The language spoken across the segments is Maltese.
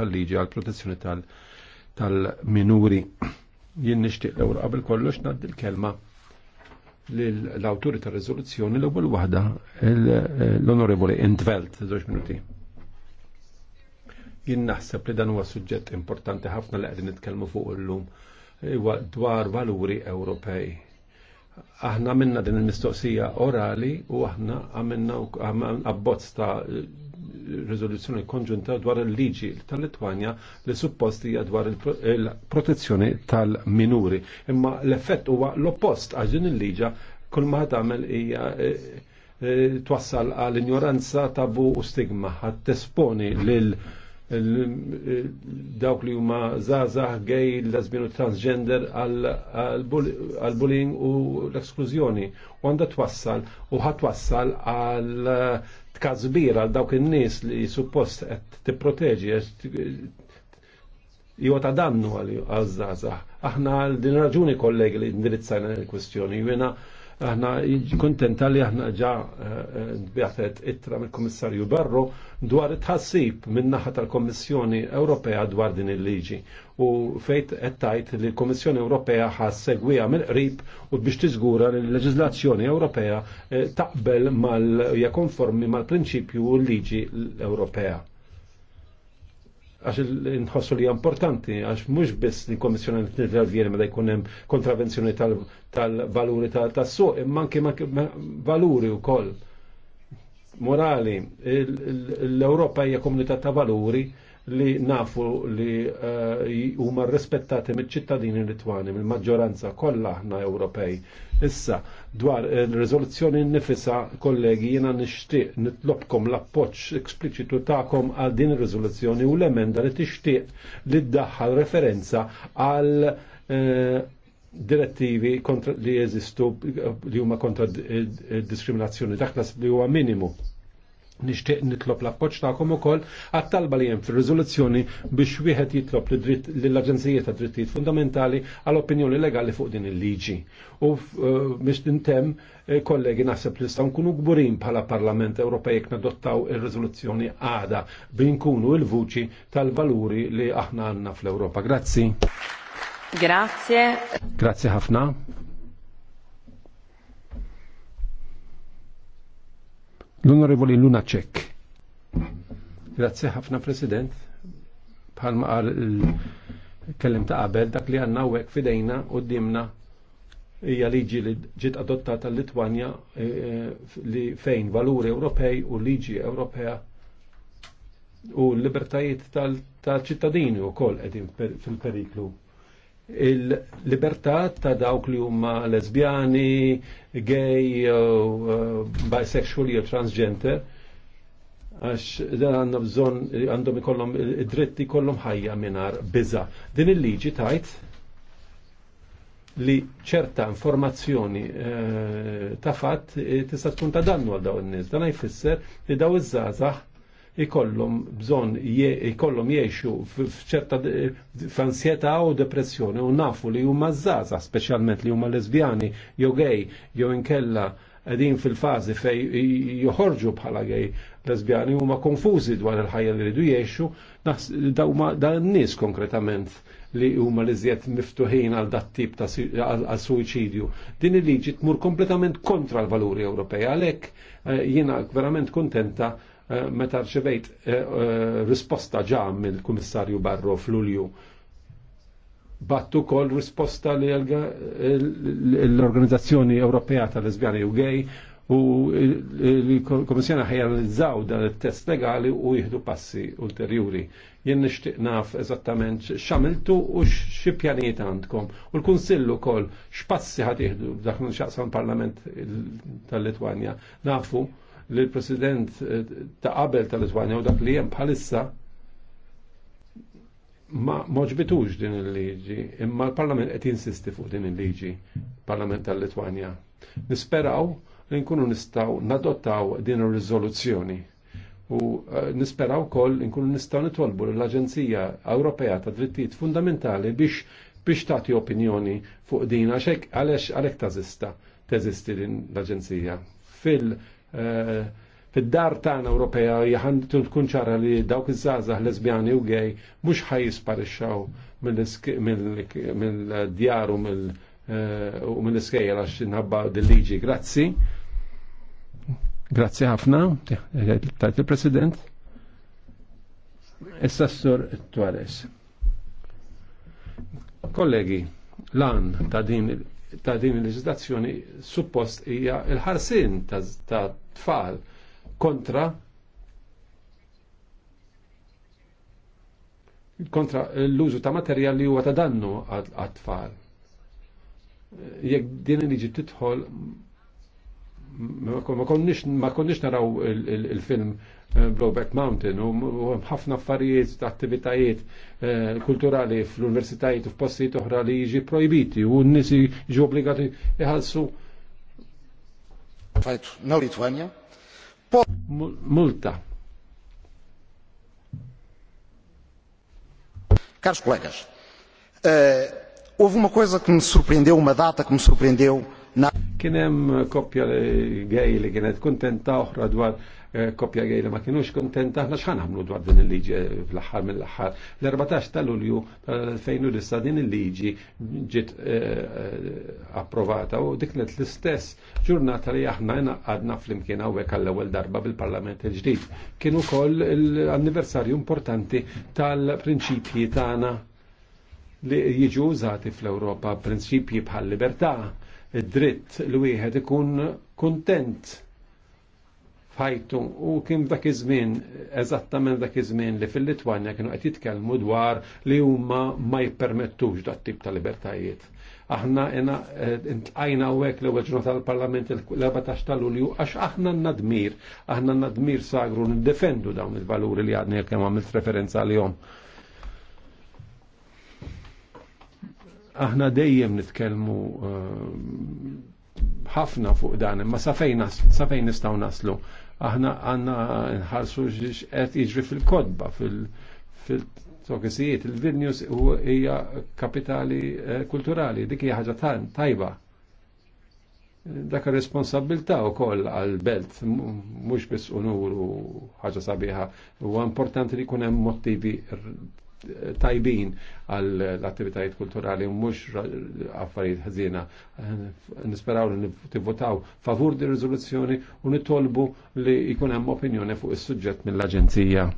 tal-liġi għal protezzjoni tal-minuri. Jien nixtieq l qabel kollox ngħaddi l-kelma l-awturi tar-riżoluzzjoni l-ewwel waħda l-Onorevoli Intvelt, żewġ minuti. Jien naħseb li dan huwa suġġett importanti ħafna li qegħdin nitkellmu fuq illum dwar valuri Ewropej aħna minna din il-mistoqsija orali u aħna għamilna abbozz ta' rezoluzzjoni konġunta dwar il-liġi tal-Litwanja li supposti hija dwar il-protezzjoni tal-minuri. Imma l-effett huwa l-oppost għal din il-liġa kull ma tagħmel hija e, e, twassal għall-ignoranza tabu u stigma ħad tesponi lil dawk li huma zazah gay, lesbian u transgender għal-bullying u l-eksklużjoni. U għandha twassal u ħatwassal twassal għal eh, tkazbir għal dawk in-nies li suppost qed tipproteġi jew ta' dannu għal żgħażagħ. Aħna għal din raġuni kollegi li ndirizzajna l-kwestjoni. Jiena Aħna kontenta li aħna ġa eh, eh, bjaħtet ittra mill kommissarju Barro dwar it-ħassib min-naħa tal-Kommissjoni Ewropea dwar din il-liġi. U fejt għettajt li l-Kommissjoni Ewropea ħas segwija mill-qrib u biex tiżgura li l-leġizlazzjoni Ewropea eh, taqbel mal-ja konformi mal-prinċipju u l-liġi Ewropea għax nħossu li importanti, għax mux biss li komissjoni t-intervjeni meta jkun hemm kontravenzjoni tal-valuri tas-suq, imma anke valuri wkoll. Morali, l europa hija komunità ta' valuri li nafu li eh, huma rispettati mill-ċittadini Litwani, mill-maġġoranza kollha aħna Ewropej. Issa, dwar il-rizoluzzjoni eh, nifisa, kollegi, jiena nixtieq nitlobkom l-appoġġ ekspliċitu tagħkom għal din ir-riżoluzzjoni u l-emenda li tixtieq li ddaħħal referenza għal eh, direttivi li jeżistu li huma kontra diskriminazzjoni, dak li huwa minimu. Nixtieq nitlob l-appoġġ tagħkom ukoll għat-talba li hemm fir-riżoluzzjoni biex wieħed jitlob lill-Aġenzija ta' Drittijiet Fundamentali għall opinjoni legali fuq din il-liġi. U eh, biex tintemm eh, kollegi naħseb li nistgħu nkunu gburin bħala Parlament Ewropej jekk nadottaw ir-riżoluzzjoni għada bi nkunu l-vuċi tal-valuri li aħna għandna fl-Ewropa. Grazzi. Grazie. Grazie ħafna. L-Onorevoli Luna Cech. Grazie ħafna President. Bħalma qal kellim ta' qabel dak li għanna wek fidejna u dimna hija liġi li ġiet adottata l-Litwanja e, e, li fejn valuri Ewropej u liġi Ewropea u l-libertajiet tal-ċittadini u koll edin fil-periklu il-libertà ta' dawk li huma lesbjani, gay, uh, bisexual jew transgender għax dan għandna bżon għandhom ikollhom id-dritti kollhom ħajja mingħajr biża. Din il-liġi tajt li ċerta informazzjoni uh, ta' fatt tista' tkun ta' dannu għal dawn in-nies. Dan jfisser li daw iż-żgħażagħ ikollhom bżonn ikollhom jgħixu f'ċerta f'ansjetà u depressjoni u nafu li huma żgħażagħ speċjalment li huma lesbjani jew gej jew inkella qegħdin fil-fażi fej joħorġu bħala gej lesbjani huma konfużi dwar il-ħajja li ridu jgħixu da n-nies konkretament li huma li żjed miftuħin għal dat tip ta' għal suicidju. Din il-liġi tmur kompletament kontra l-valuri Ewropej. Għalhekk eh, jiena verament kontenta Eh, meta rċevejt eh, eh, risposta ġa minn kummissarju Barro f'Lulju battu kol risposta li l-Organizzazzjoni Ewropea tal-Lesbjani u Gej u l-Komissjoni ħajanalizzaw dan il-test legali u jihdu passi ulterjuri. Jien nixtieq naf eżattament x'għamiltu u x'i pjanijiet għandkom. U l-Kunsillu kol x'passi ħad jieħdu f'dak xaqsam parlament tal-Litwanja. Nafu li l-President eh, ta' qabel tal-Litwanja u dak li jem bħalissa ma moġbitux din il-liġi, imma l-Parlament qed jinsisti fuq din il-liġi, Parlament tal-Litwanja. Nisperaw li nkunu nistaw nadottaw din ir-riżoluzzjoni u eh, nisperaw koll nkunu nistaw nitolbu l-Aġenzija Ewropea ta' Drittijiet Fundamentali biex biex tagħti opinjoni fuq din għalhekk għalhekk tażista teżisti din l-Aġenzija fil Eh, fid-dar tagħna Ewropea jaħandu tkun ċara li dawk iż-żgħażagħ lesbjani u gej mhux ħajjisparixxaw mill-djar eh, u mill-iskejjel għax inħabba dil-liġi. Grazzi. Grazzi ħafna, tajt il-President. Issa sassur sur Tuares. Kollegi, lan ta' din ta' din il-leġislazzjoni suppost hija il-ħarsin ta' tfal kontra kontra l-użu ta' materjal li huwa ta' dannu għat-tfal. Jekk din liġi titħol ma konniex naraw il-film eh, Blowback Mountain u ħafna affarijiet, ta' attivitajiet eh, kulturali fl-universitajiet u f'postijiet oħra li jiġi projbiti u n-nisi jiġu obbligati iħallsu No Litwania. Multa. Caros colegas, uh, houve uma coisa que me surpreendeu, uma data que me surpreendeu. Na... Kienem kopja li gej li kienet kontenta oħra dwar Eh, kopja li ma kienux kontenta, aħna xħan għamlu dwar din il-liġi eh, fl aħħar mill aħħar L-14 tal-Ulju tal 2000 din il-liġi ġiet eh, approvata u diknet l-istess ġurnata li aħna għadna fl-imkien għawek għall-ewel darba bil-Parlament il-ġdid. Kienu kol l-anniversarju importanti tal-prinċipji tagħna li jiġu użati fl-Ewropa prinċipji bħal libertà, id-dritt li wieħed ikun kontent Ħajtu u kien dak iż-żmien, eżattament dak iż-żmien li fil-Litwanja kienu qed jitkellmu dwar li huma ma jippermettux dat tip ta' libertajiet. Aħna ena eh, intqajna hawnhekk li ewwel ġurnata tal-Parlament l-14 ta' Lulju għax aħna nadmir, aħna nadmir sagru niddefendu dawn il-valuri li għadni kemm għamilt referenza għalihom. Aħna dejjem nitkellmu eh, ħafna fuq dan, imma safejn safejn nistgħu naslu aħna għanna nħarsu qed jiġri fil-kodba, fil tokesijiet Il-Vilnius hija kapitali eh, kulturali, dik hija ħaġa tajba. Dak responsabilta u koll għal-belt, mux bis unuru ħaġa sabiħa, u importanti li kunem motivi tajbin għall-attivitajiet kulturali u mux affarijiet ħazina. Nisperaw li tivvotaw favur di rizoluzzjoni u nitolbu li jkun hemm opinjoni fuq is-suġġett mill-Aġenzija.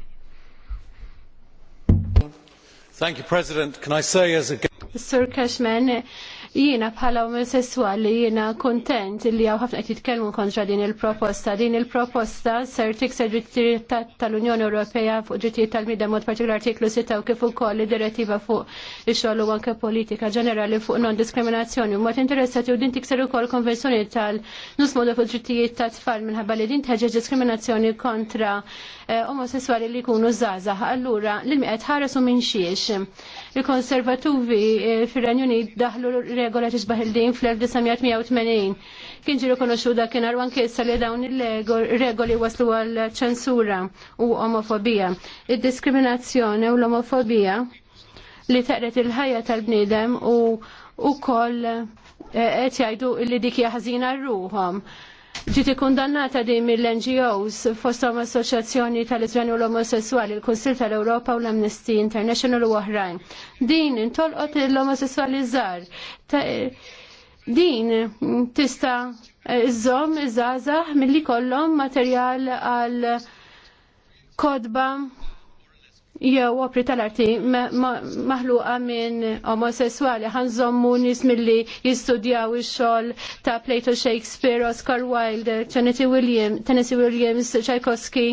Thank you, President. Can I say as a... Sir Cashman, Jiena bħala omosessuali jiena kontent li hawn ħafna qed jitkellmu kontra din il-proposta. Din il-proposta ser tikser drittijiet tal-Unjoni Ewropea fuq drittijiet tal mida mod partikolar artiklu 6 u kif ukoll id-direttiva fuq ix-xogħol u anke politika ġenerali fuq non-diskriminazzjoni. Mod interessati u din tikser ukoll konvenzjoni tal-nus modu fuq drittijiet ta' tfal minħabba li din teħġeġ diskriminazzjoni kontra eh, omosessuali li jkunu zazah. Allura l-imqiet ħaresu u xiex. Il-konservatuvi eh, fir-Renju Unit daħlu regola tisbaħ il-din fl-1980. Kien ġi da kien arwan kessa li dawn il-regoli waslu għal ċensura u omofobija. Id-diskriminazzjoni u l-omofobija li taqret il-ħajja tal-bnidem u u koll eh, qed jgħidu li dikja ħazina r ruħom ġiti kundannata di mill-NGOs fostom assoċjazzjoni tal-izveni u l-omosessuali, il-Konsil tal-Europa u l-Amnesty International u oħrajn. Din intolqot l-omosessuali zar. Din tista iżom iżazah mill-li kollom materjal għal kodba jew opri tal-arti maħluqa minn omosessuali ħanżommu nis milli jistudjaw il-xol ta' Plato Shakespeare, Oscar Wilde, Tennessee Williams, Tennessee Williams, Tchaikovsky,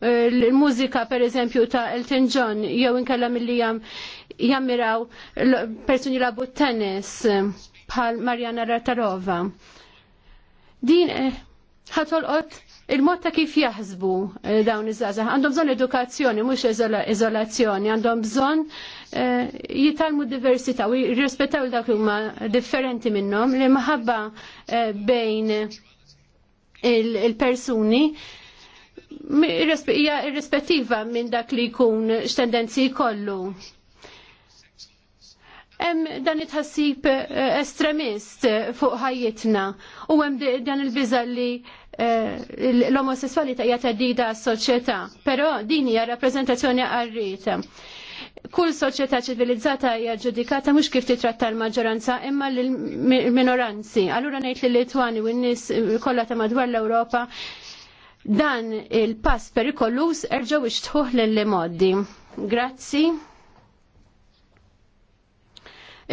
eh, l-mużika per eżempju ta' Elton John, jew inkella milli jammiraw persuni labu tennis bħal Marjana Rattarova. Din eh, ħatolqot eh, il-mod ta' kif jaħsbu eh, dawn iż żaza għandhom bżonn edukazzjoni mhux iżolazzjoni, għandhom bżonn eh, jitalmu diversità u jirrispettaw dak huma differenti minnhom li maħabba eh, bejn il-persuni hija irrispettiva minn dak li jkun x'tendenzi jkollu. Hemm dan it-ħassib estremist fuq ħajjitna u hemm dan il-biża li Eh, l-omosessualità hija teddida għas-soċjetà, però din hija rappreżentazzjoni għarrit. Kull soċjetà ċivilizzata hija ġudikata mhux kif titratta l-maġġoranza imma l-minoranzi. Allura ngħid li Litwani u n-nies kollha ta' madwar l-Ewropa dan il-pass perikolus erġgħu ixtħuh lill-modi. Grazzi.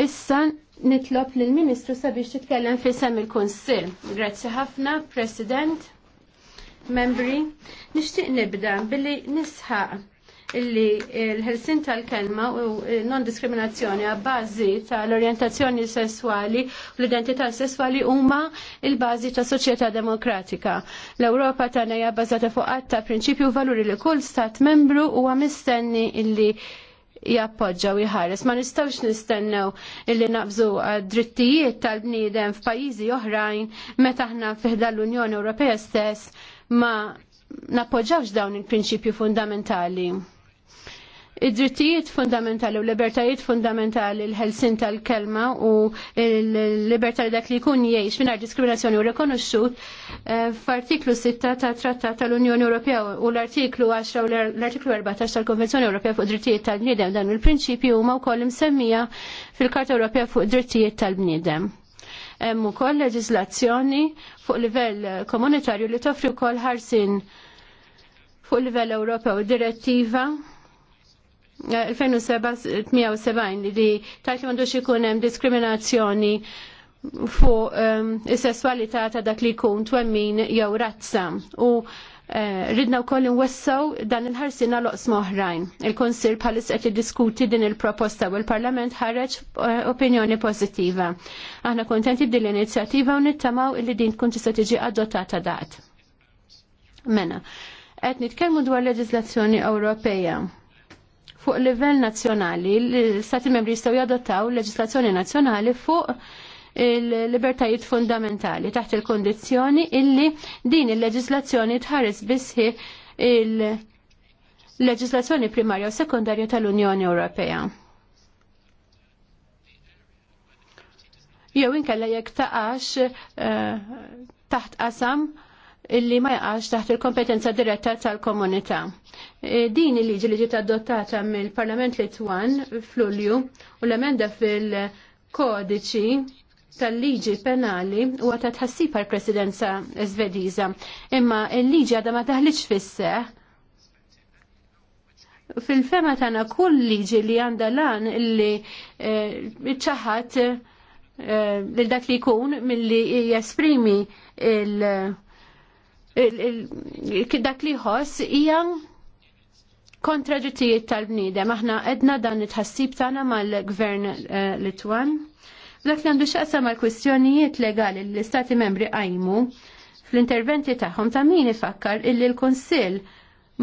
Issa nitlob lill ministru sabiex titkellem fisem il-Kunsill. Grazzi ħafna, President, membri. Nixtieq nibda billi nisħaq illi l-ħelsin tal-kelma u non-diskriminazzjoni għabbażi tal-orientazzjoni sessuali u l-identità sessuali huma il-bażi ta' soċjetà demokratika. L-Ewropa tagħna hija bbażata fuq għatta' prinċipju u valuri li kull stat membru huwa mistenni illi jappoġġa u jħares. Ma nistawx nistennew illi naqbżu uh, drittijiet tal-bniedem f'pajjiżi oħrajn meta aħna fiħda l-Unjoni Ewropea stess ma nappoġġawx dawn il-prinċipju fundamentali id-drittijiet fundamentali u libertajiet fundamentali l-ħelsin tal-kelma u l-libertà dak li jkun jgħix mingħajr diskriminazzjoni u rekonoxxut eh, f'artiklu 6 ta' Trattat tal-Unjoni Ewropea u l-artiklu 10 u l-artiklu 14 tal-Konvenzjoni Ewropea fuq drittijiet tal-bniedem dan il-prinċipju huma wkoll semmija fil-Karta Ewropea fuq drittijiet tal-bniedem. Hemm ukoll leġiżlazzjoni fuq livell komunitarju li toffri wkoll ħarsin fuq livell Ewropew direttiva 2007 li tajt li mandux ikun hemm diskriminazzjoni fuq um, ehm, is-sesswalità ta' dak li jkun twemmin jew razza. U eh, ridna u koll dan il-ħarsina loqs moħrajn. Il-Konsil palis qed diskuti din il-proposta u l-Parlament ħareġ eh, opinjoni pożittiva. Aħna kontenti b'din l-inizjattiva u nittamaw illi din tkun tista' tiġi adottata dat. Mena, qed nitkellmu dwar leġislazzjoni Ewropea fuq livell nazzjonali l-Stati membri jistgħu jadottaw leġislazzjoni nazzjonali fuq il-libertajiet fundamentali taħt il-kondizzjoni illi din il-leġislazzjoni tħares bisħi il-leġislazzjoni primarja u sekundarja tal-Unjoni Ewropea. Jew inkella jekk taqax eh, taħt qasam uh, illi ma jaqax taħt il-kompetenza diretta tal-komunità. E, din il-liġi li ġiet adottata mill-Parlament Litwan fl-Ulju u l-emenda fil-kodiċi tal-liġi penali u għata tħassib l presidenza svediża. Imma il-liġi għadha ma taħliċ fisse. fil-fema tagħna kull liġi li għandha lan li e, ċaħat e, lil dak li jkun milli jesprimi il- dak li ħoss hija kontra tal-bniedem. Aħna edna dan it-ħassib tagħna mal-gvern eh, Litwan. Dak li għandu xaqsa mal-kwistjonijiet legali li l-istati membri għajmu fl-interventi tagħhom ta' min ifakkar illi l-Kunsill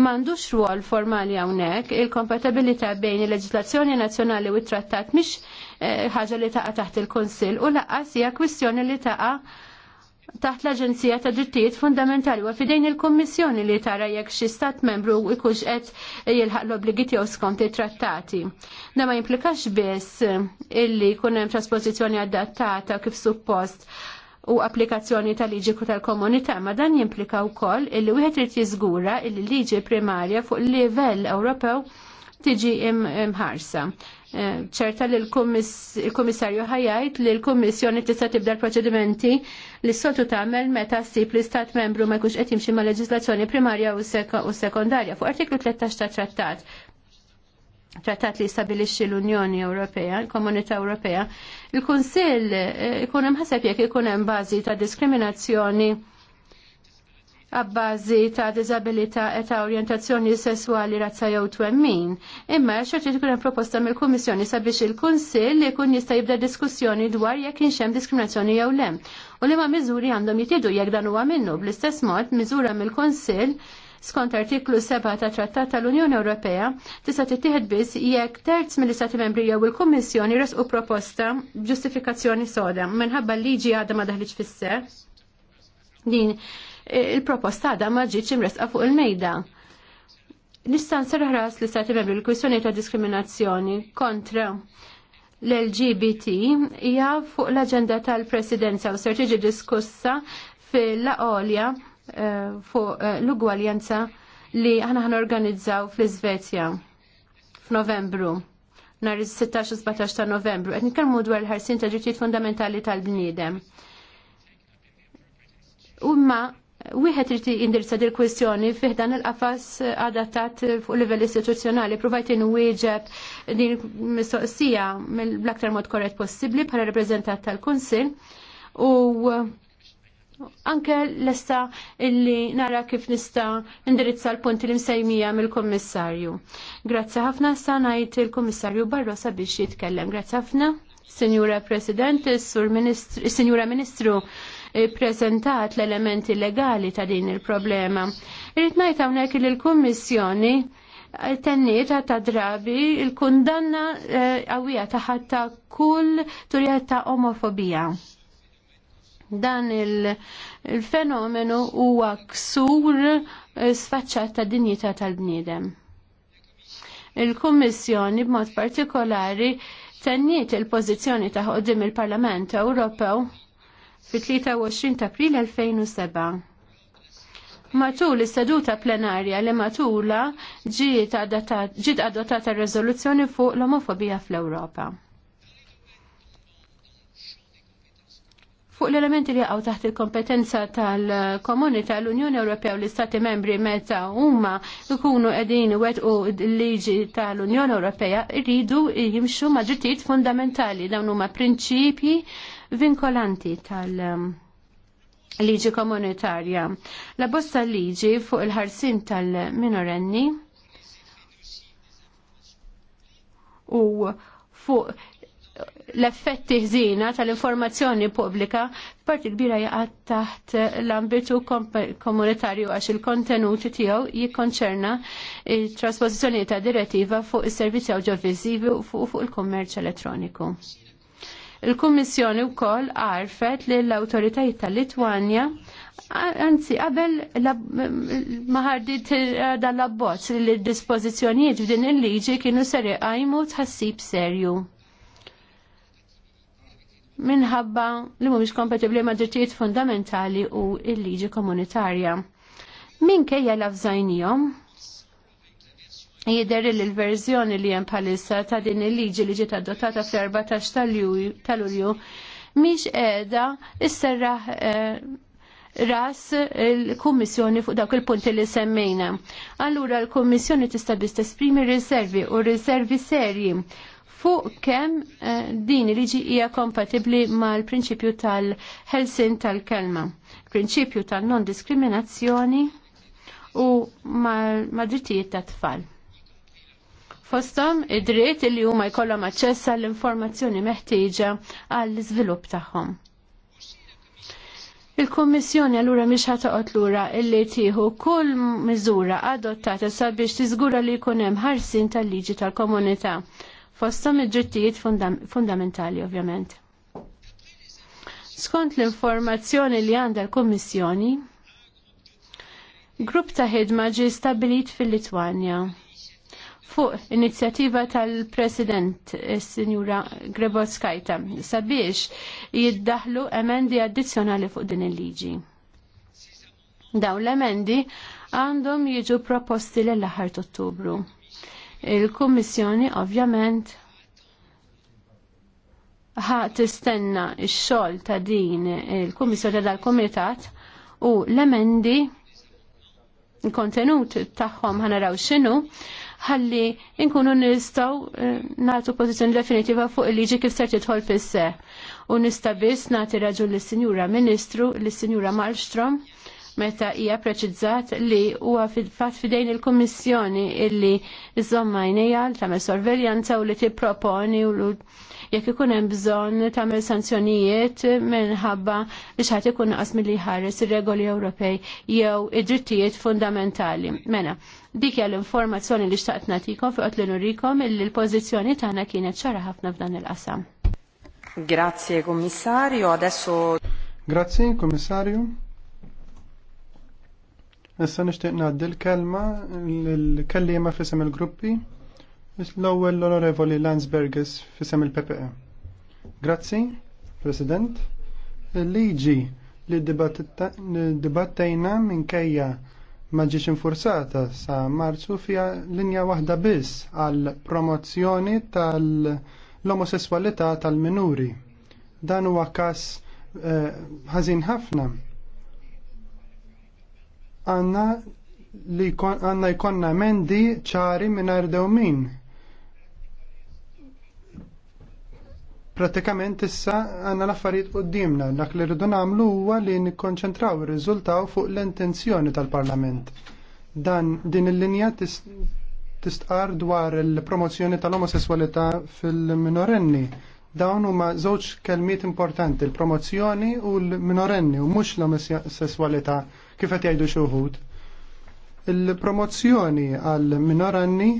m'għandux rwol formali hawnhekk, il-kompatibilità bejn il-leġislazzjoni nazzjonali u t-trattat mhix eh, ħaġa li taqa' taħt il-Kunsill u laqas hija kwistjoni li taqa' taħt l-Aġenzija ta' Drittijiet Fundamentali wa fidejn il-Kommissjoni li tara jekk xi stat membru jkunx qed jilħaq l-obbligi tiegħu skont it-trattati. Da ma jimplikax biss illi jkun hemm trasposizzjoni adattata kif suppost u applikazzjoni tal-liġi tal-komunità, ma dan jimplika wkoll illi wieħed irid jiżgura illi liġi primarja fuq il livell Ewropew tiġi imħarsa. Im ċerta li l-Komissarju ħajajt li l-Komissjoni tista' tibda l-proċedimenti li s-soltu tagħmel meta ssib li stat membru ma jkunx qed jimxi ma' leġislazzjoni primarja u sekondarja fuq artiklu 13 ta' trattat trattat li stabilixxi l-Unjoni Ewropea, l-Komunità Ewropea, il-Kunsill eh, ikun hemm ħaseb jekk ikun hemm bażi ta' diskriminazzjoni għabbażi ta' disabilità e ta' orientazzjoni sessuali razza jew twemmin. Imma xorti tkun hemm proposta mill-Kummissjoni sabiex il-Kunsill jkun jista' jibda diskussjoni dwar jekk inxem diskriminazzjoni jew le. U li ma' miżuri għandhom jitidu jekk dan huwa minnu bl-istess mod miżura mill-Kunsill skont artiklu 7 ta' Trattat tal-Unjoni Ewropea tista' tittieħed biss jekk terz mill-Istati Membri jew il-Kummissjoni resqu proposta ġustifikazzjoni soda minħabba liġi għadha ma daħliġ fis Din il-proposta għadha ma ġietx imresqa fuq il-mejda. Nista' nserħras li sa' membri l-kwistjoni ta' diskriminazzjoni kontra l-LGBT hija fuq l-aġenda tal-presidenza u ser tiġi diskussa fil-laqolja eh, fuq eh, l-ugwaljanza li aħna ħan organizzaw fl-Iżvezja f'Novembru nhar is-16-17 ta' Novembru qed nitkellmu dwar il-ħarsin ta' ġrittijiet fundamentali tal-bniedem. Umma Wieħed irid jindirizza dil kwistjoni fih dan il-qafas adattat fuq livell istituzzjonali provajt inwieġeb din mistoqsija mill-aktar mod korrett possibbli bħala rappreżentant tal-Kunsill u anke lesta illi nara kif nista indirizza l-punti li msejmija mill-Kommissarju. Grazzi ħafna sa ngħid il kummissarju Barrosa biex jitkellem. Grazzi ħafna, Sinjura President, Sur Sinjura Ministru. Eh, prezentat l-elementi legali ta' din il-problema. Irrit najt hawnhekk li l-Kummissjoni eh, tenniet ta' drabi il-kundanna qawwija eh, ta' ħatta kull turjet ta' omofobija. Dan il-fenomenu huwa ksur sfaċċat ta' dinjità tal-bniedem il-Kummissjoni b'mod partikolari tenniet il-pożizzjoni ta' qudiem il-Parlament Ewropew fit-23 ta' April 2007. Matul is-seduta plenarja li matula ġiet adottata rezoluzzjoni fuq l-omofobija fl-Ewropa. Fuq l-elementi li għaw taħt il-kompetenza tal komuni l-Unjoni Ewropea u l-Istati membri meta huma jkunu qegħdin wettqu l-liġi tal-Unjoni Ewropea rridu jimxu ma' fundamentali dawn huma prinċipji vinkolanti tal- um, liġi komunitarja. La bosta liġi fuq il-ħarsin tal-minorenni u fuq l-effetti ħżina tal-informazzjoni pubblika parti kbira jaqgħad taħt l-ambitu komunitarju għax il-kontenuti tiegħu jikkonċerna il trasposizjoni ta' direttiva fuq is-servizzi audiovisivi u fuq il-kummerċ elettroniku. Il-Kummissjoni wkoll għarfet li l-awtoritajiet tal-Litwanja Anzi, qabel maħardit dal-abbozz li l-dispożizzjonijiet f'din il-liġi kienu ser jqajmu tħassib serju. Minħabba li mhumiex kompatibbli ma' drittijiet fundamentali u l-liġi komunitarja. Minkejja l-afżajnijom, Jider li l-verżjoni li hemm bħalissa ta' din il-liġi li ġiet adottata fl-14 tal-Ulju miex qiegħda isserraħ eh, ras il-Kummissjoni fuq dawk il-punti li semmejna. Allura l-Kummissjoni tista' biss tesprimi riservi u riservi serji fuq kemm eh, din liġi hija kompatibbli mal-prinċipju tal-ħelsin tal-kelma, prinċipju tal helsin tal kelma prinċipju tal non diskriminazzjoni u mal-drittijiet tat-tfal fostom id-dritt li huma jkollhom aċċess għall informazzjoni meħtieġa għall iżvilupp tagħhom. Il-Kommissjoni allura mhix ħatoqgħod lura illi tieħu kull miżura adottata sabiex tiżgura li jkun hemm ħarsin tal-liġi tal-komunità fostom id-drittijiet fundamentali ovvjament. Skont l-informazzjoni li għandha l-Kommissjoni, grupp ta' ħidma ġie stabilit fil-Litwanja fuq inizjattiva tal-President eh, Sinjura Kajta sabiex jiddaħlu emendi addizzjonali fuq din il-liġi. Daw l-emendi għandhom jiġu proposti l-aħħar ottubru. Il-Kummissjoni ovvjament ħa tistenna il xogħol ta' din il-Kummissjoni dal kumitat u l-emendi il-kontenut tagħhom ħanaraw x'inhu ħalli nkunu nistgħu eh, nagħtu pozizjoni definitiva fuq il-liġi kif ser tidħol fisse. U nista' biss nagħti raġun lis-Sinjura Ministru, lis-Sinjura Malmström, meta hija preċizzat li huwa fatt fidejn il-Kummissjoni illi iżomma jnejja tagħmel sorveljanza u li tipproponi u jekk ikun hemm bżonn tagħmel sanzjonijiet minħabba li xaħat ikun naqas milli ħares ir-regoli Ewropej jew id-drittijiet fundamentali. Mena, dik hija l-informazzjoni li xtaqt nagħtikom fuq li nurikom illi l-pożizzjoni tagħna kienet ċara ħafna f'dan il-qasam. Grazie kommissarju. adesso Grazie Commissario. Issa nixtieq ngħaddi l-kelma l kelliema fisem il-gruppi. L-ewwel l-Onorevoli Landsbergis fisem il-PPE. Grazzi, President. Liġi li dibattejna minkejja ma ġiex infursata sa marzu fija linja waħda biss għal promozzjoni tal-omosessualità tal-minuri. Dan huwa każ eh, ħażin ħafna. Għanna li għanna jkonna mendi ċari minn dewmin Pratikament issa għanna l-affarijiet qoddimna dak li rridu nagħmlu huwa li nikkonċentraw ir-riżultaw fuq l-intenzjoni tal-Parlament. Dan din il-linja tistqar dwar il-promozzjoni tal-omosessualità fil-minorenni. Dawn huma żewġ kelmiet importanti, il-promozzjoni u l-minorenni u mhux l-omosessualità kif qed jgħidu xi il-promozzjoni għal minorenni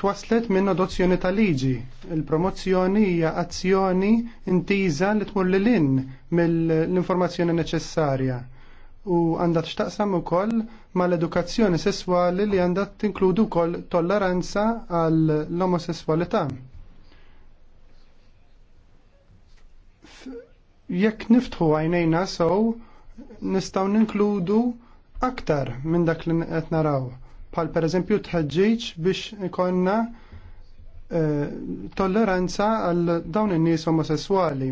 twaslet minn adozzjoni ta' liġi. Il-promozzjoni hija azzjoni intiża li tmur lil in mill-informazzjoni neċessarja u għandha xtaqsam ukoll mal-edukazzjoni sesswali li għandha tinkludu wkoll tolleranza għall omosesswalità Jekk niftħu għajnejna sew nistgħu ninkludu aktar minn dak li qed naraw pal per eżempju tħagġiġ biex ikonna eh, tolleranza għal dawn in-nies omosessuali.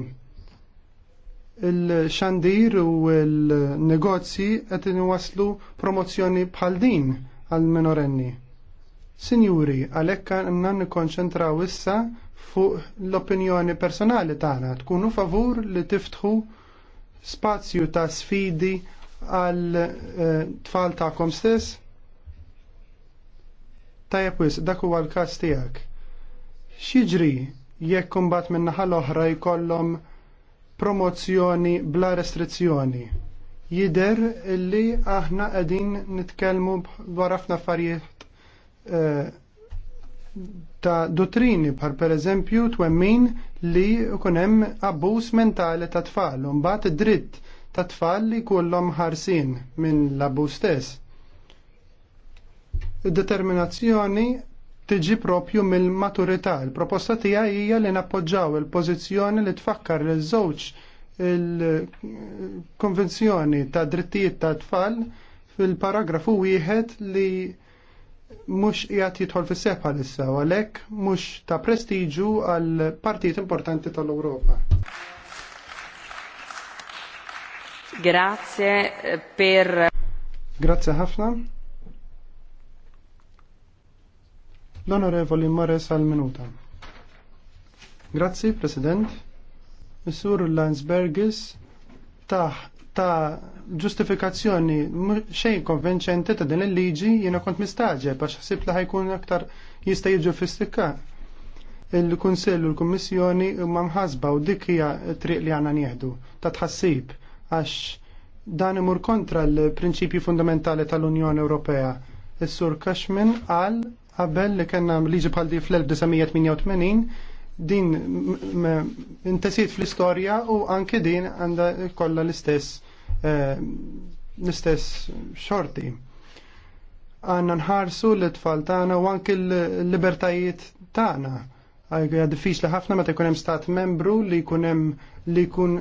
Il-xandir u il-negozji qed waslu promozzjoni bħal din għal minorenni. Sinjuri, għalhekk għandna nikkonċentraw issa fuq l-opinjoni personali tagħna tkunu favur li tiftħu spazju ta' sfidi għal eh, tfal tagħkom stess? Tajab wis, dak huwa l-każ tiegħek. X'jiġri jekk kumbat minn naħa l-oħra jkollhom promozzjoni bla restrizzjoni. Jider li aħna qegħdin nitkellmu dwar ħafna affarijiet eh, ta' dottrini bħal per eżempju twemmin li kunem abbuż mentali ta' tfal, mbagħad id-dritt ta' tfal li jkollhom ħarsin minn l-abbuż stess determinazzjoni tiġi propju mill-maturità. Il-proposta tija hija li nappoġġaw il-pożizzjoni li tfakkar li żewġ il-konvenzjoni ta' drittijiet ta' tfal fil-paragrafu wieħed li mhux qiegħed jidħol fis seħħa issa u għalhekk mhux ta' prestiġu għal partijiet importanti tal-Ewropa. Grazie per Grazie ħafna. L-Onorevoli Mores għal-minuta. Grazzi, President. Missur Landsbergis ta, ta' ġustifikazzjoni xejn konvenċenti ta' din il-liġi jiena kont mistaġeb għax ħsib li ħajkun aktar jista' jiġu fistika. Il-Kunsell u l-Kummissjoni huma mħasba u dik hija triq li għandna nieħdu ta' tħassib għax dan imur kontra l-prinċipji fundamentali tal-Unjoni Ewropea. Is-Sur Cashman qal Qabel li kena liġi bħal di fl-1988 din intesit fl-istorja u anke din għanda kolla l-istess eh, l-istess xorti. Għanna nħarsu l-tfal tagħna u anke l-libertajiet tagħna. Għadja li ħafna meta jkun hemm stat membru li jkun hemm li jkun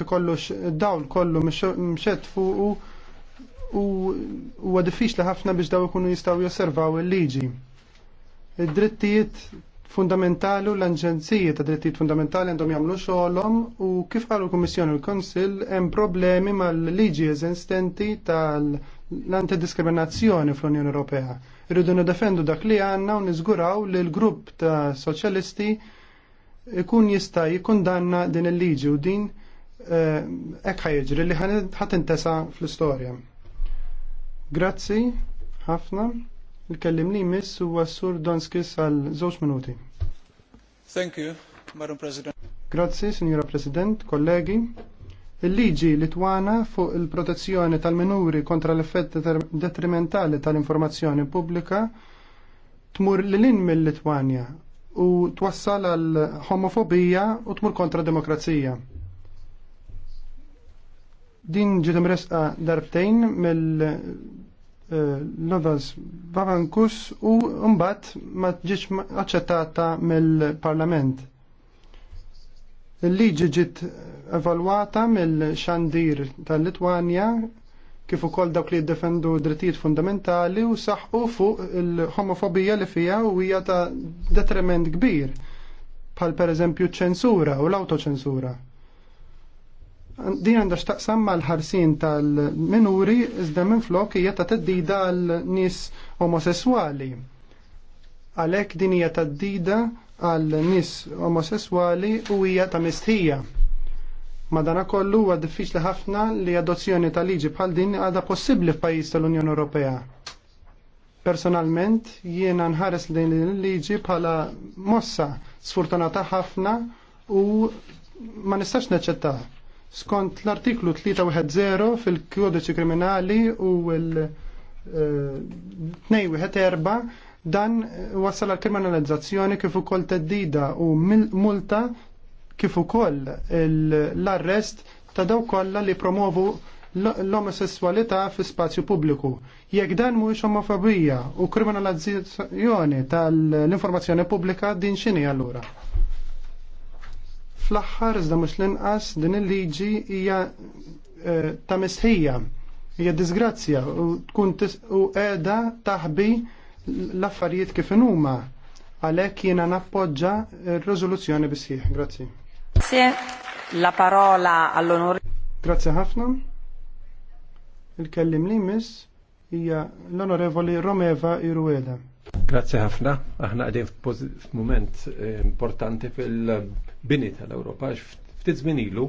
tkollux eh, dawl kollu mxet fuqu u huwa diffiċli ħafna biex daw ikunu jistgħu josservaw il-liġi. Id-drittijiet fundamentali u l-anġenziji ta' drittijiet fundamentali għandhom jagħmlu xogħolhom u kif qalu l-Kummissjoni u l-Konsil hemm problemi mal-liġi eżistenti tal-antidiskriminazzjoni fl-Unjoni Ewropea. Irridu nidefendu dak li għandna u niżguraw li l-grupp ta' soċjalisti ikun jista' jikkundanna din il-liġi u din eh, hekk ħajġri li ħatintesa fl-istorja. Grazzi, ħafna. Il-kellim li miss huwa Sur Donskis għal żewġ minuti. Thank you, Madam President. Grazzi, Signora President, kollegi. Il-liġi Litwana fuq il-protezzjoni tal-minuri kontra l-effett detrimentali tal-informazzjoni pubblika tmur l-lin mill-Litwanja u twassal għal homofobija u tmur kontra demokrazija. Din ġiet imresqa darbtejn mill-Lovas eh, Bavankus u mbagħad ma ġietx aċċettata mill-Parlament. Il-liġi ġiet evalwata mill-xandir tal-Litwanja kif ukoll dawk li jiddefendu drittijiet fundamentali u saħqu fuq il-homofobija li fija u hija ta' detriment kbir bħal pereżempju ċensura u l-autoċensura. Din għandha x'taqsam mal-ħarsin tal-minuri iżda minflok hija ta' teddida għal nies omosessuali. Għalhekk din hija teddida għal nies omosessuali u hija ta' mistħija. Madana kollu huwa diffiċli ħafna li adozzjoni ta' liġi bħal din għadha possibbli f'pajjiż tal-Unjoni Ewropea. Personalment jiena nħares din il-liġi bħala mossa sfortunata ħafna u ma nistax neċċettaha skont l-artiklu 310 fil-kodiċi kriminali u l-214 eh, dan wassal għal kriminalizzazzjoni kif ukoll teddida u multa kif ukoll l-arrest ta' daw kollha li promovu l-omosessualità fi spazju pubbliku. Jekk dan mhuwiex omofobija u kriminalizzazzjoni tal-informazzjoni pubblika din x'inhi allura? Fl-aħħar iżda mhux l-inqas din il-liġi hija eh, ta' misħija, hija disgrazzja u tkun u qiegħda taħbi l-affarijiet kif huma għalhekk jiena nappoġġa r-riżoluzzjoni bisħiħ. Grazzi. Grazie. La parola all'onore. Grazie ħafna. Il-kellim li miss hija l-Onorevoli Romeva Irueda. Grazie ħafna. Aħna għadin f'moment eh, importanti fil-bini tal-Ewropa. Ftit żmien ilu.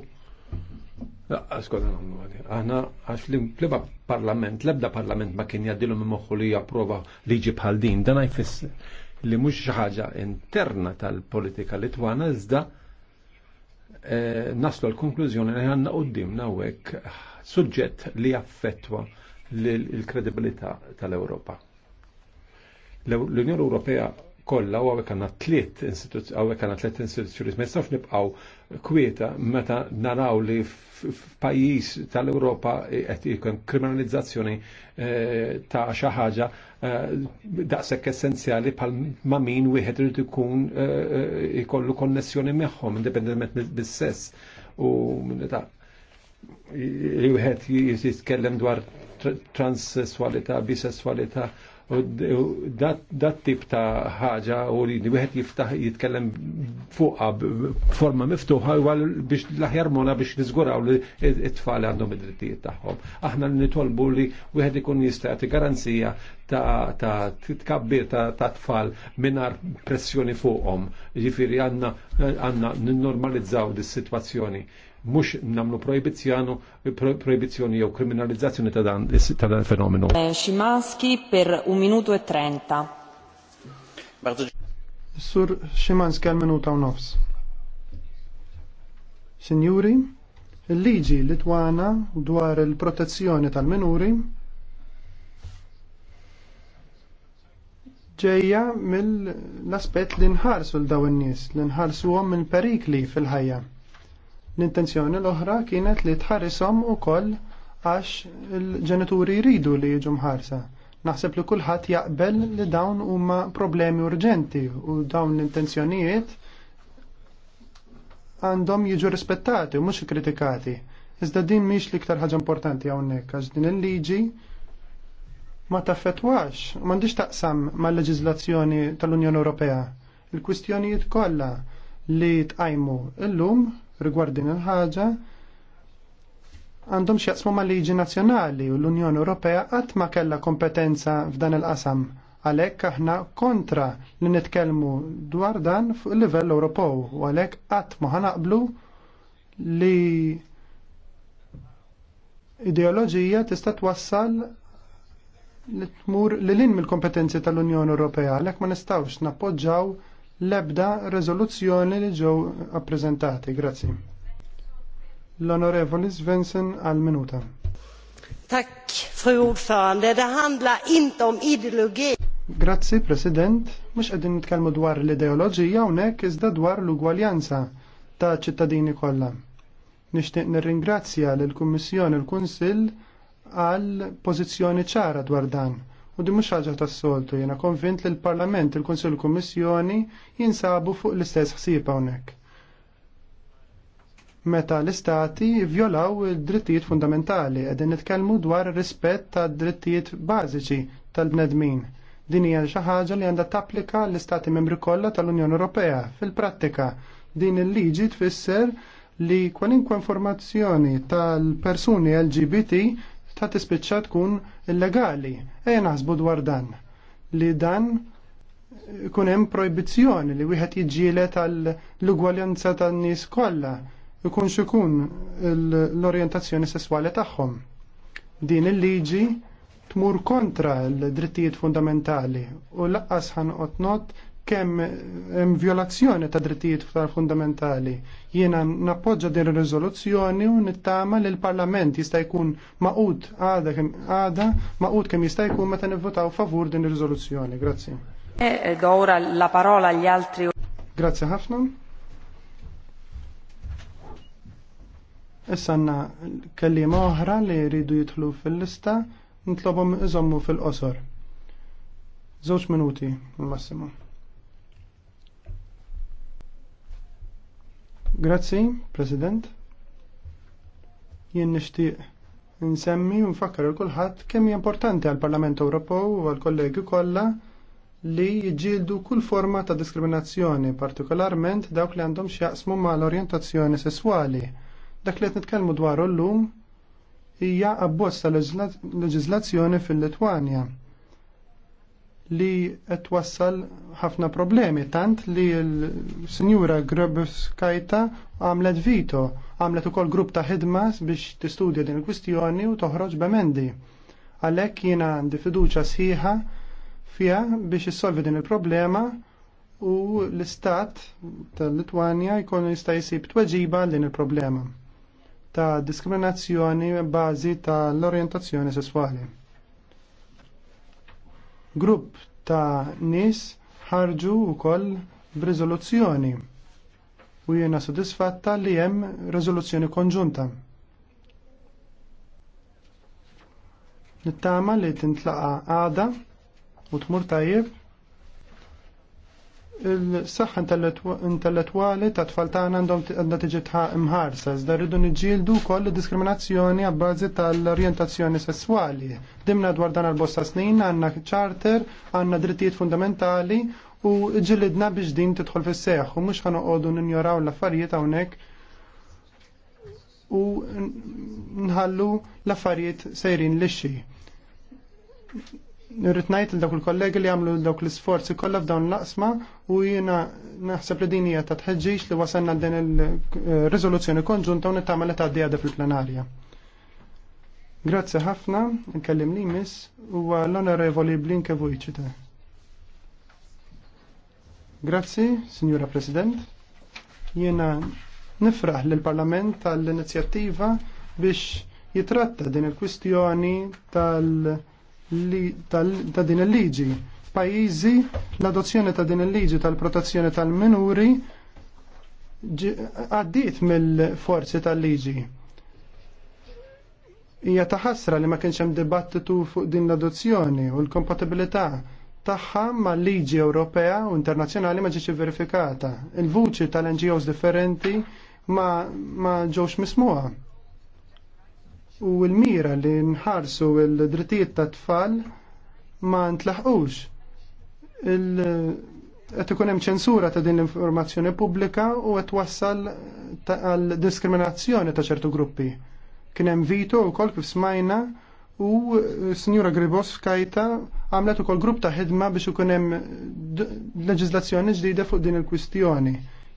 Ah, Aħna għax l parlament, l-ebda parlament ma kien jaddilu minn moħħu li japprova liġi bħal din. Dan jfisser li mhux xi ħaġa interna tal-politika Litwana iżda eh, naslu l-konklużjoni li għandna qudiemna hawnhekk suġġett li affettwa l-kredibilità tal-Ewropa L-Unjoni Ewropea kollha u għawek għandna tliet għawek għandna tliet instituzzjoni, ma jistgħux nibqgħu kwieta meta naraw li f'pajjiż tal-Ewropa qed ikun kriminalizzazzjoni ta' xi ħaġa daqshekk essenzjali bħal ma' min wieħed irid ikun ikollu konnessjoni magħhom indipendentment bis-sess u ta' li wieħed jitkellem dwar transsessualità, bisessualità U dat tip ta' ħaġa u li wieħed jiftaħ jitkellem fuqha b'forma miftuħa għal biex l-aħjar mona biex niżguraw li t-tfal għandhom id-drittijiet tagħhom. Aħna nitolbu li wieħed ikun jista' garanzija ta' tkabbir ta' tfal minar pressjoni fuqhom. Jifieri għandna għandna nnormalizzaw dis-sitwazzjoni mhux nagħmlu proibizzjanu proibizzjoni jew kriminalizzazzjoni ta' dan fenomenu. Eh, Szymanski per un minuto e trenta. Sur Szymanski al minuta u nofs. Sinjuri, il-liġi Litwana dwar il-protezzjoni tal-minuri ġeja mill-aspet li nħarsu l dawennis li nħarsu għom mill-perikli fil-ħajja. L-intenzjoni l-oħra kienet li tħarrisom ukoll għax il-ġenituri jridu li jiġu mħarsa. Naħseb li kulħadd jaqbel li dawn huma problemi urġenti u dawn l-intenzjonijiet għandhom jiġu rispettati u mhux kritikati. Iżda din mhix l-iktar ħaġa importanti hawnhekk għax din il-liġi ma taffetwax, m'għandix taqsam mal-leġiżlazzjoni tal-Unjoni Ewropea. Il-kwistjonijiet kollha li tqajmu illum rigward din il-ħaġa għandhom xjaqsmu ma' liġi nazzjonali u l-Unjoni Ewropea qatt ma kellha kompetenza f'dan il-qasam għalhekk aħna kontra li nitkellmu dwar dan fuq il-livell Ewropew u għalhekk qatt ma ħanaqblu li ideoloġija tista' twassal li tmur li lin mill-kompetenzi tal-Unjoni Ewropea għalhekk ma nistgħux nappoġġaw l-ebda rezoluzzjoni li ġew appreżentati. Grazzi. L-Onorevoli Svensson għal minuta. Tak, fru ordförande. Det handlar inte om ideologi. Grazzi, President. Mux għedin nitkelmu dwar l-ideologija unek iżda dwar l-ugwaljanza ta' ċittadini kollha. Nixtieq nirringrazzja lill kummissjoni l kunsill għal pożizzjoni ċara dwar dan U di mhux ħaġa tas-soltu jiena konvint li l-Parlament, il-Kunsill u l-Kummissjoni jinsabu fuq l-istess ħsieb hawnhekk. Meta l-istati vjolaw id-drittijiet fundamentali qegħdin nitkellmu dwar rispett tad drittijiet bażiċi tal-bnedmin. Din hija xi ħaġa li għandha tapplika l-istati membri kollha tal-Unjoni Ewropea fil-prattika. Din il-liġi tfisser li kwalinkwe informazzjoni tal-persuni LGBT ta' tispiċċa tkun illegali. Ejja naħsbu dwar dan li dan ikun hemm proibizzjoni li wieħed jiġġielet għall-ugwaljanza tan-nies kollha ikunx ikun l-orjentazzjoni sesswali tagħhom. Din il-liġi tmur kontra l-drittijiet fundamentali u laqqas ħanqot not kemm hemm violazzjoni ta' drittijiet ftar fundamentali. Jiena nappoġġa din ir-riżoluzzjoni u nittama li l-Parlament jista' jkun maqud għada kemm għada maqud kemm jista' jkun meta nivvotaw favur din ir-riżoluzzjoni. Grazzi. E, ora la parola agli altri. Grazzi ħafna. Issa għandna kelliema oħra li jridu jidħlu fil-lista nitlobhom iżommu fil-qosor. Żewġ minuti, l-massimo. Grazzi, President. Jien nixtieq nsemmi u nfakkar il kulħadd kemm hija importanti għall Parlament Ewropew u għall kollegi kollha li jġildu kull forma ta' diskriminazzjoni, partikolarment dawk li għandhom x'jaqsmu mal-orjentazzjoni sesswali. Dak li qed nitkellmu dwaru llum hija abbozz ta' leġislazzjoni fil-Litwanja li qed wassal ħafna problemi, tant li l-Sinjura Grebuskajta għamlet vito, għamlet ukoll grupp ta' ħidma biex tistudja din il-kwistjoni u toħroġ b'emendi. Għalhekk jiena għandi fiduċja sħiħa fiha biex issolvi din il-problema u l-istat tal-Litwanja jkun jista' jsib tweġiba din il-problema ta' diskriminazzjoni bażi tal-orjentazzjoni sesswali. Grupp ta' nis ħarġu wkoll b'riżoluzzjoni u jiena sodisfatta li hemm riżoluzzjoni konġunta. Nittama li tintlaqa għada u tmur tajjeb il-saħħa intellettwali ta' tfal tagħna għandhom għandha tiġi imħarsa, iżda rridu niġġieldu wkoll diskriminazzjoni għabbażi tal-orjentazzjoni sesswali. Dimna dwar dan għal-bosta snin għandna charter, għandna drittijiet fundamentali u ġilidna biex din tidħol fis seħħ u mhux ħanoqogħdu ninjoraw l-affarijiet hawnhekk u nħallu l-affarijiet sejrin lixxi nirritnajt ngħid dawk il-kollegi li għamlu dawk l-isforzi kollha f'dawn l-aqsma u jiena naħseb li din hija ta' tħeġġix li wasalna din il-riżoluzzjoni konġunta u nittama li għaddi għadha fil-plenarja. Grazzi ħafna, nkellim li miss u l-Onorevoli Blinke Vujċita. Grazzi, Signora President. Jiena nifraħ l-Parlament tal-inizjattiva biex jitratta din il-kwistjoni tal-, -tal ta' din il-liġi. F'pajjiżi l-adozzjoni ta' din il-liġi tal-protezzjoni tal-minuri għaddit mill-forzi tal-liġi. Hija taħasra li ma kienx hemm dibattitu fuq din l-adozzjoni u l-kompatibilità tagħha mal-liġi Ewropea u internazzjonali ma ġietx verifikata. Il-vuċi tal-NGOs differenti ma, ma ġewx mismuha u l-mira li nħarsu l-drittijiet ta' tfal ma ntlaħqux. Qed ikun hemm ċensura ta' din l-informazzjoni pubblika u qed wassal għal diskriminazzjoni ta' ċertu gruppi. Kien hemm vito wkoll kif smajna u Sinjura Gribos kajta għamlet ukoll grupp ta' ħidma biex ikun hemm leġiżlazzjoni ġdida fuq din il-kwistjoni.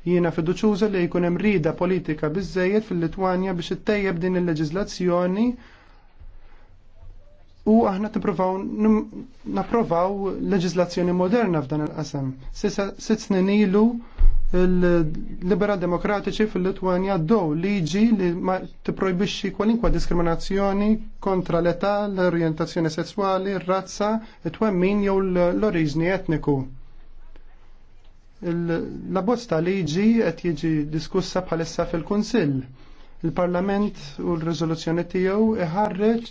Jiena fiduċuża li jkun hemm rida politika biżejjed fil-Litwanja biex ittejjeb din il-leġiżlazzjoni u aħna tipprovaw napprovaw leġiżlazzjoni moderna f'dan il-qasam. Sitt snin ilu il-libera demokratiċi fil-Litwanja dow liġi li ma tipprojbixxi kwalinkwa diskriminazzjoni kontra l-età, l orientazzjoni sessuali, r-razza, it-twemmin jew l-oriġni etniku la bosta ta' liġi qed jiġi diskussa bħalissa fil-Kunsill. Il-Parlament u l-riżoluzzjoni tiegħu iħarreġ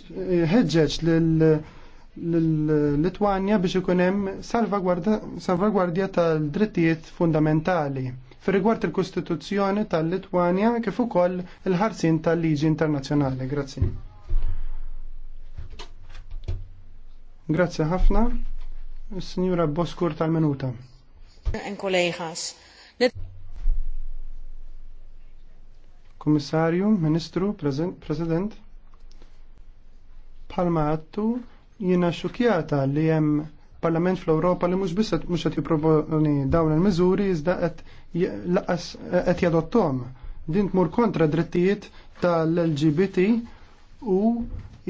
ħeġġeġ lill l-Litwanja biex ikun hemm salvagwardja tal-drittijiet fundamentali fir rigward il-Kostituzzjoni tal-Litwanja kif ukoll il-ħarsin tal-liġi internazzjonali. Grazzi. Grazzi ħafna. Signora Boskur tal-Minuta. Kommissarju, Komissarju, Ministru, President, palma għattu jina xukjata li jem parlament fl-Europa li mux bisset mux għat jiproponi dawn il-mizuri iżda għat jadottom. Din tmur kontra drittijiet tal-LGBT u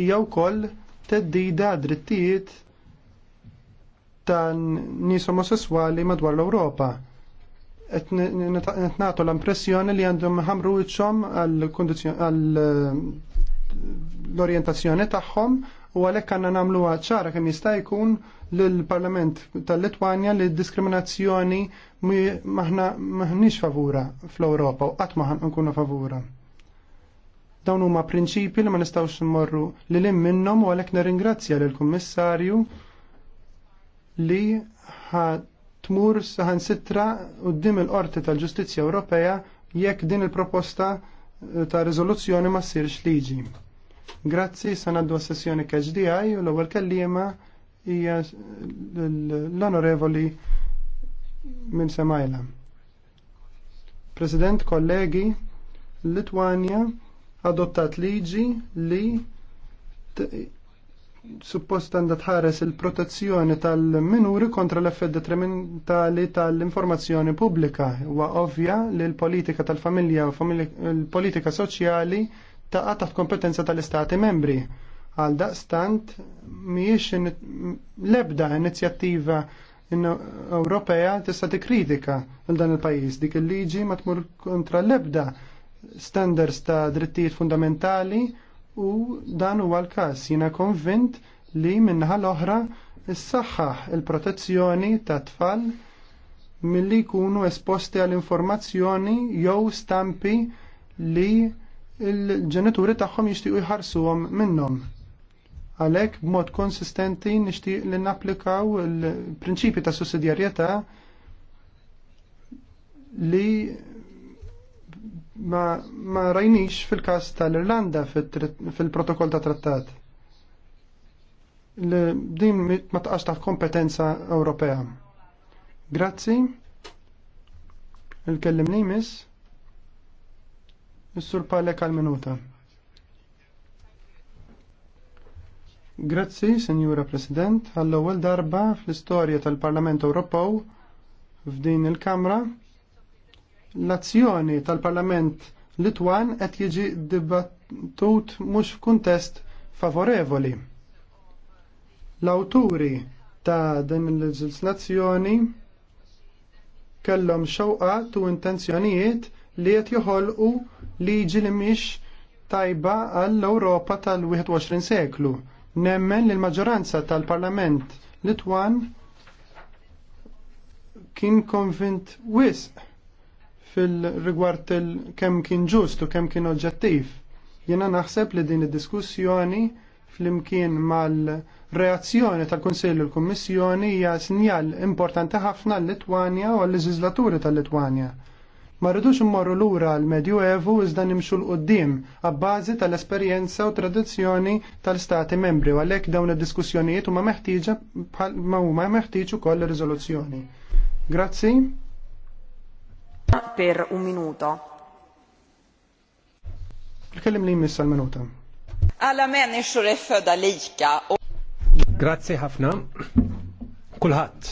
jew koll teddida drittijiet ta' nies omosessuali madwar l-Ewropa. Et nagħtu l-impressjoni li għandhom ħamru iċom għall l-orientazzjoni tagħhom u għalhekk għandna nagħmlu ċara kemm jista' jkun lill-Parlament tal-Litwanja li diskriminazzjoni maħna maħniex favura fl-Ewropa u qatt ma nkunu favura dawn huma prinċipi li ma nistgħux immorru li lim minnhom u għalhekk nirringrazzja lill kummissarju li tmur saħan sitra u il-qorti tal-ġustizja Ewropea jekk din il-proposta eh, ta' rizoluzzjoni ma sirx liġi. Grazzi sanaddu għas-sessjoni KHDI u l-ewwel kellima hija l-onorevoli minn Semajla. President, kollegi, Litwanja adottat liġi li suppost għandha tħares il-protezzjoni tal-minuri kontra l-effett detrimentali tal-informazzjoni pubblika. Huwa ovvja li l-politika tal-familja u l-politika soċjali taqa' taħt kompetenza tal-Istati membri. Għal daqstant mhijiex l-ebda inizjattiva Ewropea tista' tikkritika għal dan il-pajjiż dik il-liġi ma tmur kontra l-ebda standards ta' drittijiet fundamentali u dan huwa l-każ jiena konvint li minnaħa l-oħra s-saħħaħ il-protezzjoni ta' tfal milli jkunu esposti għall informazzjoni jew stampi li il-ġenituri tagħhom jixtiequ jħarsuhom minnhom. Għalhekk b'mod konsistenti nixtieq li napplikaw il prinċipi ta' sussidjarjetà li ma, ma rajnix fil-kas tal-Irlanda fil-protokoll ta' trattat. Din ma taqax ta' kompetenza Ewropea. Grazzi. Il-kellim nimis. Is-sur palek għal-minuta. Grazzi, Senjura President, għall-ewwel darba fl-istorja tal-Parlament Ewropew f'din il-Kamra l-azzjoni tal-Parlament Litwan qed jiġi dibattut mhux f'kuntest favorevoli. L-awturi ta' din il-leġislazzjoni kellhom xewqat u intenzjonijiet li qed joħolqu liġi li mhix tajba għall-Ewropa tal-21 seklu. Nemmen li l-maġġoranza tal-Parlament Litwan kien konvint wisq fil-rigward kemm kien ġust u kemm kien oġġettiv. Jena naħseb li din id-diskussjoni flimkien mal-reazzjoni tal-Kunsill u l-Kummissjoni hija sinjal importanti ħafna l-Litwanja u l leżislaturi tal-Litwanja. Ma rridux immorru lura l-Medju Evu iżda nimxu l-qoddim għabbażi tal-esperjenza u tradizzjoni tal-Stati membri u għalhekk dawn id-diskussjonijiet huma meħtieġa ma huma meħtieġ ukoll riżoluzzjoni. Grazzi. Per un minuto. Alla människor är födda lika. Grazie ħafna. Kulħadd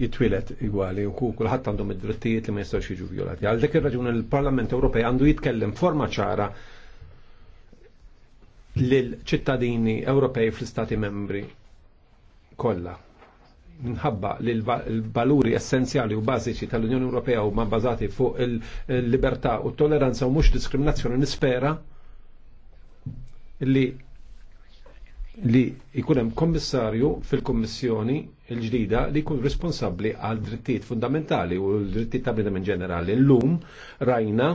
jitwilet igwali u kulħadd għandhom id-drittijiet li ma jistgħux jiġu violati. Għal dik ir il parlament Ewropej għandu jitkellem forma ċara lil ċittadini Ewropej fl-Stati membri kollha minħabba li l-valuri essenzjali u bażiċi tal-Unjoni Ewropea huma bbażati fuq il-libertà u t-toleranza u mhux diskriminazzjoni nispera li li jkun hemm kommissarju fil-Kommissjoni l-ġdida li jkun responsabbli għal drittijiet fundamentali u l-drittijiet ta' bnedmin ġenerali. Llum rajna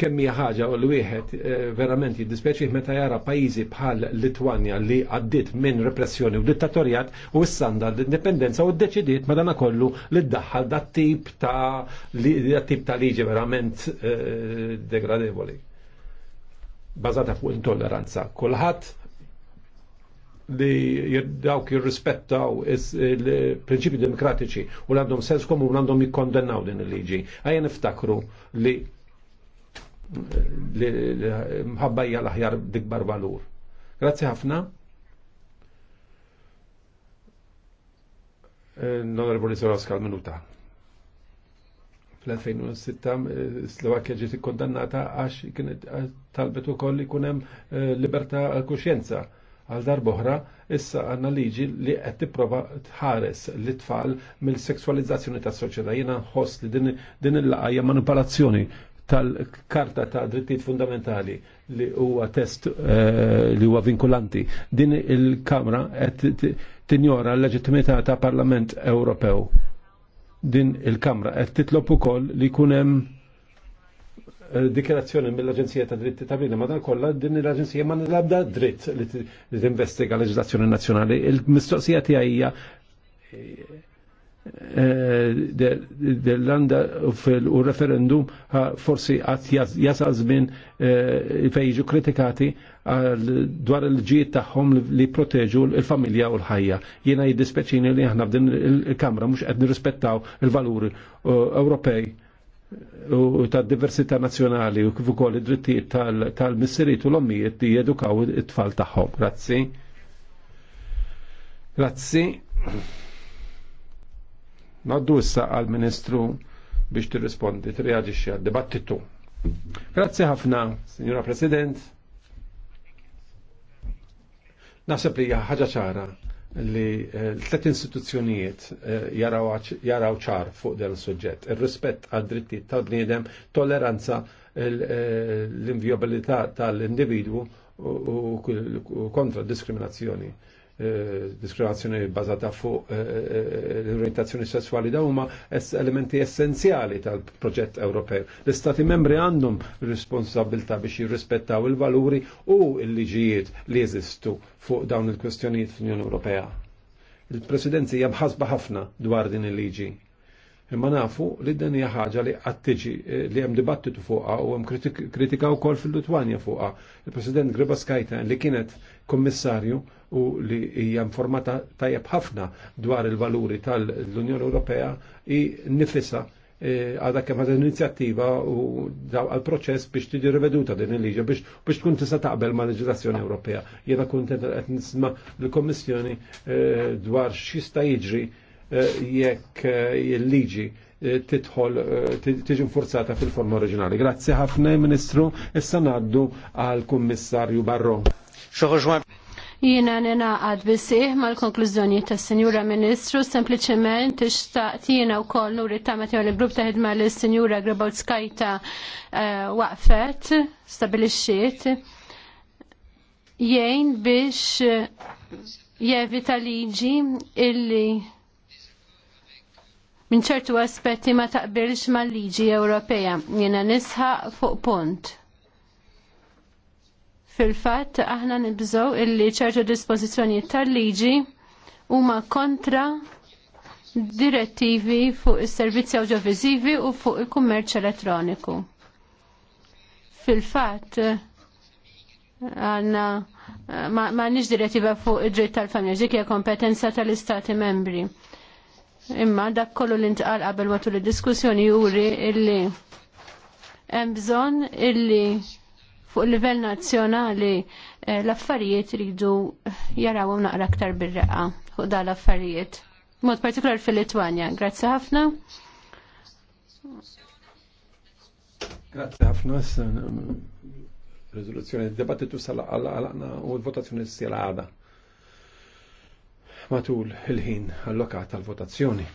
kemm hija ħaġa u l-wieħed eh, verament jiddispjaċih meta jara pajjiżi bħal Litwanja li għaddiet minn repressjoni u dittatorjat u s-sanda l-indipendenza u ddeċidiet madanakollu li ddaħħal dat tip ta' tip ta' liġi verament eh, degradevoli. Bażata fuq intolleranza. Kulħadd li dawk jirrispettaw il-prinċipi demokratiċi u l-għandhom sens l għandhom jikkondennaw din il-liġi. Għajja niftakru li mħabbajja l-aħjar dikbar valur. Grazzi ħafna. Eh, L-Onorevoli Soroska minuta fl-2006 eh, Slovakia ġiet kondannata għax kienet eh, talbet ukoll li kunem libertà kuxjenza għal darboħra issa għanna liġi li qed tipprova tħares li tfal mill-seksualizzazzjoni tas soċjetà jiena nħoss li din il-laqgħa manipolazzjoni tal-Karta ta' Drittijiet Fundamentali li huwa test eh, li huwa vinkulanti. Din il-Kamra qed tinjora l-leġittimità ta' Parlament Ewropew. Din il-Kamra qed titlob ukoll li jkun hemm eh, dikjerazzjoni mill-Aġenzija ta' Dritti ta' Bini, ma dan kollha din l-Aġenzija ma nilabda dritt li tinvestiga leġislazzjoni nazzjonali. Il-mistoqsija tiegħi hija dell-landa u referendum forsi għat jasal zmin eh, fejġu kritikati dwar il-ġiet tagħhom li proteġu il-familja u l-ħajja. Jiena jiddispeċini li aħna f'din il-Kamra mhux qed nirrispettaw il-valuri eh, Ewropej eh, u tad diversità nazzjonali u kif ukoll id-drittijiet tal missirit u l-ommijiet li jedukaw it-tfal tagħhom. Grazzi. Grazzi. Naddu issa għal-Ministru biex tirrispondi, tirreagixxi għad-dibattitu. Grazzi ħafna, Signora President. Naħseb li ħaġa ċara li eh, l-tlet istituzzjonijiet eh, jaraw ċar fuq dan suġġett. Ir-rispett għad drittijiet tal-bniedem, tolleranza l eh, inviabilità tal-individwu u kontra diskriminazzjoni. Eh, diskriminazzjoni bazata fuq eh, eh, l-orientazzjoni sessuali da huma elementi essenzjali tal-proġett Ewropew. L-Istati membri għandhom responsabilta biex jirrispettaw il-valuri u l-liġijiet li jeżistu fuq dawn il-kwestjonijiet fl-Unjoni Ewropea. Il-Presidenzi jabħasba ħafna dwar din il-liġi Imma nafu li dan hija ħaġa li qatt tiġi li hemm dibattitu fuqha u hemm kritika wkoll fil lutwanja fuqha. Il-President Gribaskajta li kienet kommissarju u li hija informata tajjeb ħafna dwar il-valuri tal-Unjoni Ewropea i nifisa e, għada kemm għad inizjattiva u daw għal proċess biex tiġi riveduta din il-liġi biex biex tkun tista' taqbel ma' leġislazzjoni Ewropea. Jiena kuntent qed nisma' l-Kommissjoni e, dwar x'jista' jiġri Eh, jekk eh, il-liġi eh, titħol tiġi forzata fil-forma oriġinali. Grazzi ħafna, Ministru, issa naddu għal Kummissarju Barro. Jina għad bisih mal-konklużjoni ta' Senjura Ministru, sempliciment ixtaqt jina u koll nuri ta' meta l-grupp ta' ħidma li Senjura Grabowskajta waqfet, stabilixxiet, jgħin biex jevita liġi illi minn ċertu aspetti ma taqbilx mal-liġi Ewropea. Jiena nisħaq fuq punt. Fil-fatt aħna nibżgħu illi ċertu dispożizzjonijiet tal-liġi huma kontra direttivi fuq is-servizzi audiovisivi u fuq il-kummerċ elettroniku. Fil-fatt għanna ma, ma nix direttiva fuq id-dritt tal-familja, dik kompetenza tal-istati membri. Imma dak kollu li ntqal qabel matul id-diskussjoni juri illi hemm bżonn illi fuq livell nazzjonali l-affarijiet ridu jaraw naqra aktar bir-reqqa fuq dan l-affarijiet. Mod partikolar fil-Litwanja. Grazzi ħafna. Grazzi ħafna, rezoluzzjoni, dibattitu sal-għalqna u l-votazzjoni s-sirada matul il-ħin allokat tal-votazzjoni.